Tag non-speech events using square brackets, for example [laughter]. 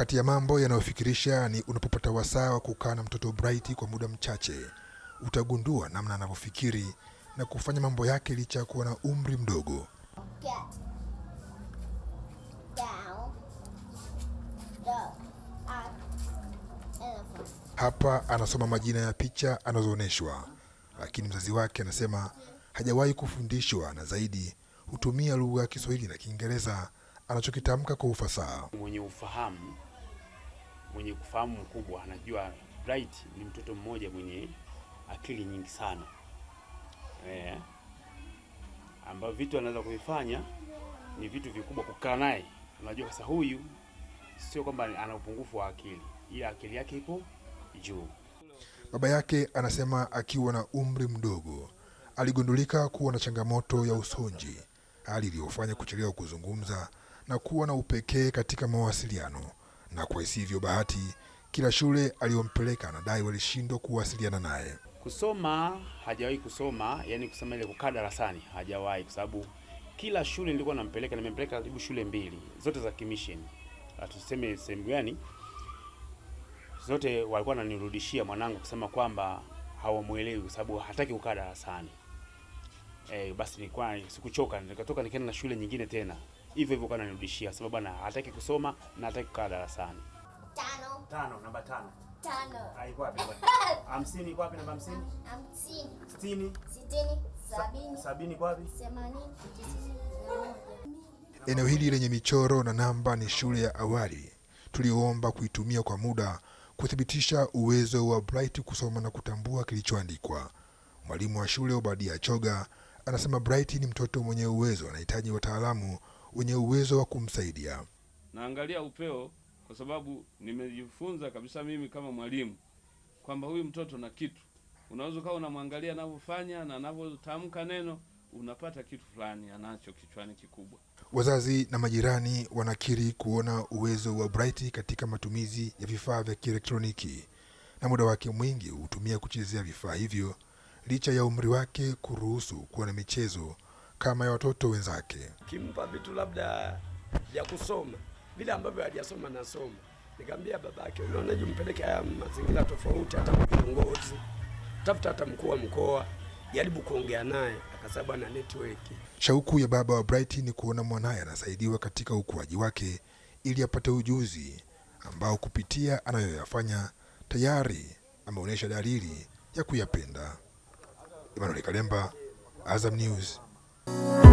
Kati ya mambo yanayofikirisha ni unapopata wasaa wa kukaa na mtoto Bright kwa muda mchache, utagundua namna anavyofikiri na kufanya mambo yake licha ya kuwa na umri mdogo. hapa anasoma majina ya picha anazoonyeshwa, lakini mzazi wake anasema hajawahi kufundishwa na zaidi hutumia lugha ya Kiswahili na Kiingereza anachokitamka kwa ufasaha. Mwenye ufahamu mwenye kufahamu mkubwa anajua Bright ni mtoto mmoja mwenye akili nyingi sana e, ambao vitu anaweza kuvifanya ni vitu vikubwa. Kukaa naye unajua sasa, huyu sio kwamba ana upungufu wa akili, ila akili yake ipo juu. Baba yake anasema akiwa na umri mdogo aligundulika kuwa na changamoto ya usonji, hali iliyofanya kuchelewa kuzungumza na kuwa na upekee katika mawasiliano na kwa isivyo bahati, kila shule aliyompeleka anadai walishindwa kuwasiliana naye. Kusoma hajawahi kusoma, yani kusema ile kukaa darasani hajawahi, kwa sababu kila shule nilikuwa nampeleka, nimempeleka karibu shule mbili zote za kimisheni, atuseme ah, sehemu gani, zote walikuwa wananirudishia mwanangu kusema kwamba hawamuelewi kwa sababu hataki kukaa darasani. Eh, basi nilikuwa sikuchoka, nikatoka nikaenda na shule nyingine tena hivyo hivyo kananirudishia, sababu bwana hataki kusoma na hataki kukaa darasani. Tano. Tano, namba tano. Tano. Hai ah, wapi? [laughs] Hamsini kwa wapi namba hamsini? Hamsini. Sitini. Sitini. Sabini. Sabini kwa wapi? Themanini. Eneo hili lenye michoro na namba ni shule ya awali. Tuliomba kuitumia kwa muda kuthibitisha uwezo wa Bright kusoma na kutambua kilichoandikwa. Mwalimu wa shule Obadia Choga anasema Bright ni mtoto mwenye uwezo, anahitaji wataalamu wenye uwezo wa kumsaidia. Naangalia upeo kwa sababu nimejifunza kabisa mimi kama mwalimu kwamba huyu mtoto na kitu, unaweza ukawa unamwangalia anavyofanya na anavyotamka neno, unapata kitu fulani anacho kichwani kikubwa. Wazazi na majirani wanakiri kuona uwezo wa Bright katika matumizi ya vifaa vya kielektroniki na muda wake mwingi hutumia kuchezea vifaa hivyo licha ya umri wake kuruhusu kuwa na michezo kama ya watoto wenzake, kimpa vitu labda vya kusoma vile ambavyo hajasoma nasoma. Nikamwambia babake, unaona je, mpeleke haya mazingira tofauti, hata kiongozi tafuta hata mkuu wa mkoa, jaribu kuongea naye. Akasema bwana, network. Shauku ya baba wa Bright ni kuona mwanaye anasaidiwa katika ukuaji wake ili apate ujuzi ambao kupitia anayoyafanya tayari ameonyesha dalili ya kuyapenda. Emmanuel Kalemba, Azam News. Thank you.